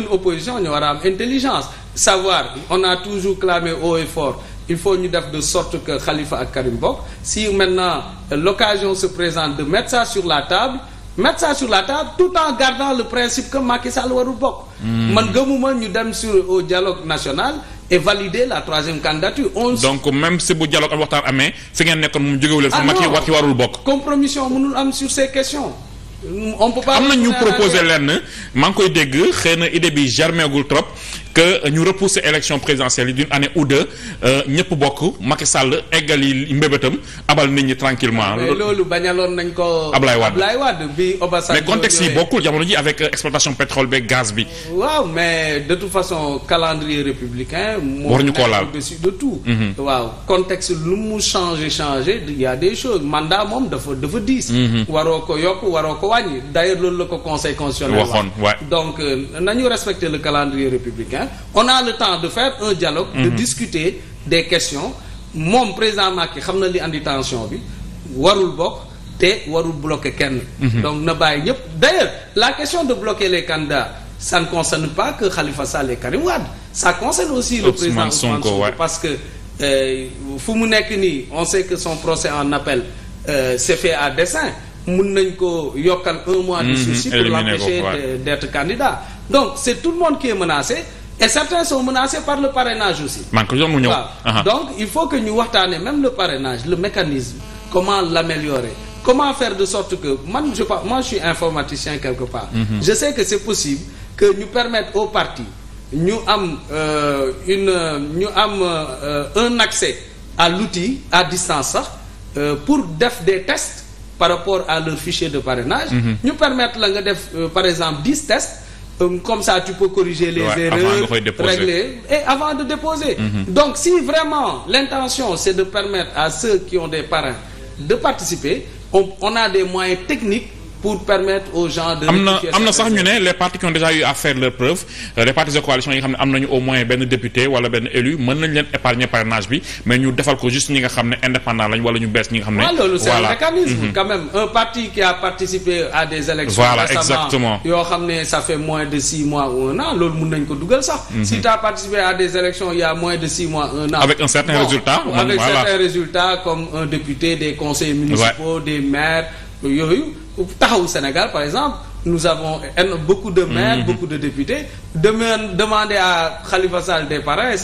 ñun opposition ñu war intelligence savoir on a toujours clamé haut et fort il faut ñu def de sorte que Khalifa ak Karim bokk si maintenant euh, l'occasion se présente de mettre ça sur la table mettre ça sur la table tout en gardant le principe que Macky Sall warul bokk. Hmm. man gëmuma ñu dem sur au dialogue national et valider la troisième candidature. on donc même si bu dialogue ak waxtaan amee fi ngeen nekkoon moom jógewuleen fa ah Macky ci warul bokk. compromission mënul am sur ces questions. on peut pas am na ñu proposer lenn maa ngi koy dégg xëy na idée bi gul trop. que ñu repousser élection présidentielle yi d'une année ou deux euh, ñëpp bokk Macky Sall eggal yi mbébétam abal nit ñi tranquillement mais loolu bañaloon nañ ko. Ablaye Wade Ablaye Wade bi Obasanjo mais contexte yi bokkul jamono ji avec euh, exploitation pétrole beeg gaz bi. waaw mais de toute façon calendrier républicain. waruñu koo laal au-dessus mhm. waaw contexte lu mu changé changé il a des choses mandat moom dafa dafa diis. Mhm. waroo ko yokk waroo ko wàññi d'ailleurs loolu la ko conseil constitutionnel. Euh, campagne on a le temps de faire un dialogue de mhm. discuter des questions moom président Macky xam na li andi tension bi warul bokk te warul bloquer kenn mhm. donc na bàyyi ñëpp d'ailleurs la question de bloquer les candidats ça ne concerne pas que Khalifa Sall et Karim Wade ça concerne aussi le président Ousmane Sonko parce que euh, fu mu nekk nii on sait que son procès en appel euh, c'est fait à dessein mun nañ ko yokkal un mois de mhm. sursis pour l'empêcher d'être candidat donc c'est tout l monde qui est menacé et certains sont menacés par le parrainage aussi. man ko mu ñëw donc il faut que ñu waxtaanee même le parrainage le mécanisme comment l'améliorer comment faire de sorte que man je pas moi je suis informaticien quelque part. Mhm. je sais que c'est possible que ñu permettre aux partis ñu am euh, une ñu am euh, accès à l'outil à distance sax euh, pour def des tests par rapport à leur fichier de parrainage. Mhm. ñu mm permettre la nga def euh, par exemple dix tests. Um, comme ça tu peux corriger les ouais, erreurs régler et avant de déposer mm -hmm. donc si vraiment l'intention c'est de permettre à ceux qui ont des parrains de participer on, on a des moyens techniques pour permettre aux gens de. am na am na sax ñu ne les partis qui ont déjà eu à faire leur preuve euh, les partis de coalition yi nga xam ne am nañu au moins benn député wala benn élu mën nañ leen épargner parrainage bi mais ñu defal ko juste ñi nga xam ne indépendant lañ wala ñu ñi nga xam ne. voilà ah, loolu c'est mécanisme mhm. quand un parti qui a participé à des élections voilà exactement yoo xam ne sa fait moins de six mois ou un an loolu mën nañ ko dugal sax. Mhm. a moins de six mois un an. avec un yooyu taxawu Sénégal par exemple nous avons beaucoup de maires mhm. beaucoup de députés demain demander à Khalifa Sall des parrains